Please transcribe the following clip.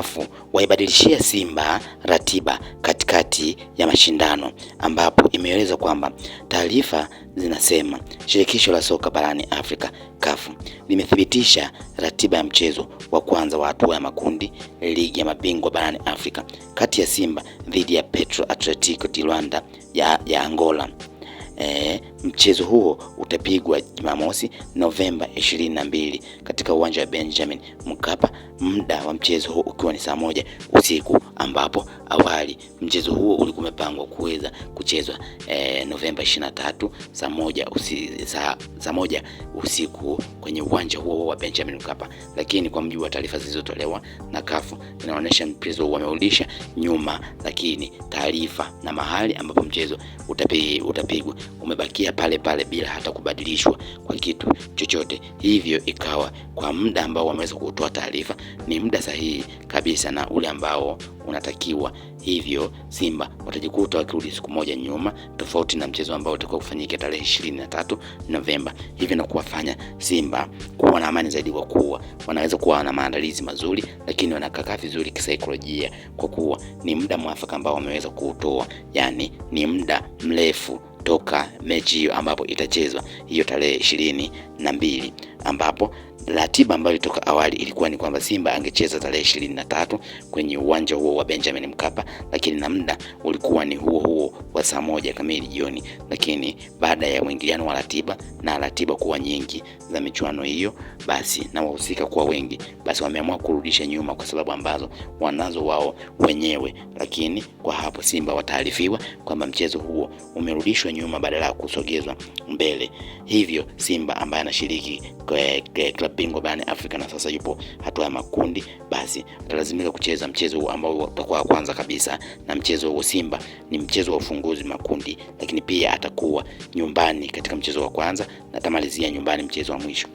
Kafu waibadilishia Simba ratiba katikati ya mashindano ambapo imeelezwa kwamba taarifa zinasema shirikisho la soka barani Afrika Kafu limethibitisha ratiba ya mchezo wa kwanza wa hatua ya makundi ligi ya mabingwa barani Afrika kati ya Simba dhidi ya Petro Atletico di Luanda ya, ya Angola. E, Mchezo huo utapigwa Jumamosi Novemba 22 katika uwanja wa Benjamin Mkapa, muda wa mchezo huo ukiwa ni saa moja usiku, ambapo awali mchezo huo ulikuwa umepangwa kuweza kuchezwa eh, Novemba 23 saa moja usi, saa, saa moja usiku kwenye uwanja huo wa Benjamin Mkapa, lakini kwa mujibu wa taarifa zilizotolewa na kafu inaonyesha mchezo wameudisha nyuma, lakini taarifa na mahali ambapo mchezo utapigwa umebakia ya pale pale bila hata kubadilishwa kwa kitu chochote. Hivyo ikawa kwa muda ambao wameweza kutoa taarifa ni muda sahihi kabisa na ule ambao unatakiwa. Hivyo Simba watajikuta wakirudi siku moja nyuma, tofauti na mchezo ambao utakuwa kufanyika tarehe ishirini na tatu Novemba, hivyo na kuwafanya Simba kuwa na amani zaidi, kwa kuwa wanaweza kuwa na maandalizi mazuri, lakini wanakaa vizuri kisaikolojia, kwa kuwa ni muda mwafaka ambao wameweza kuutoa, yani ni muda mrefu toka mechi hiyo ambapo itachezwa hiyo tarehe ishirini na mbili ambapo Ratiba ambayo ilitoka awali ilikuwa ni kwamba Simba angecheza tarehe ishirini na tatu kwenye uwanja huo wa Benjamin Mkapa, lakini na muda ulikuwa ni huo huo wa saa moja kamili jioni, lakini baada ya mwingiliano wa ratiba na ratiba kuwa nyingi za michuano hiyo, basi na wahusika kuwa wengi, basi wameamua kurudisha nyuma kwa sababu ambazo wanazo wao wenyewe. Lakini kwa hapo Simba wataarifiwa kwamba mchezo huo umerudishwa nyuma badala ya kusogezwa mbele, hivyo Simba ambaye anashiriki eh, eh, bingwa barani Afrika na sasa yupo hatua ya makundi, basi atalazimika kucheza mchezo huu ambao utakuwa wa kwanza kabisa, na mchezo wa Simba ni mchezo wa ufunguzi makundi, lakini pia atakuwa nyumbani katika mchezo wa kwanza na atamalizia nyumbani mchezo wa mwisho.